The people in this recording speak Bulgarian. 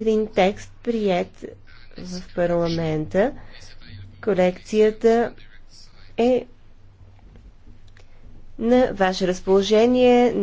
един текст, прият в парламента. Корекцията е на ваше разположение.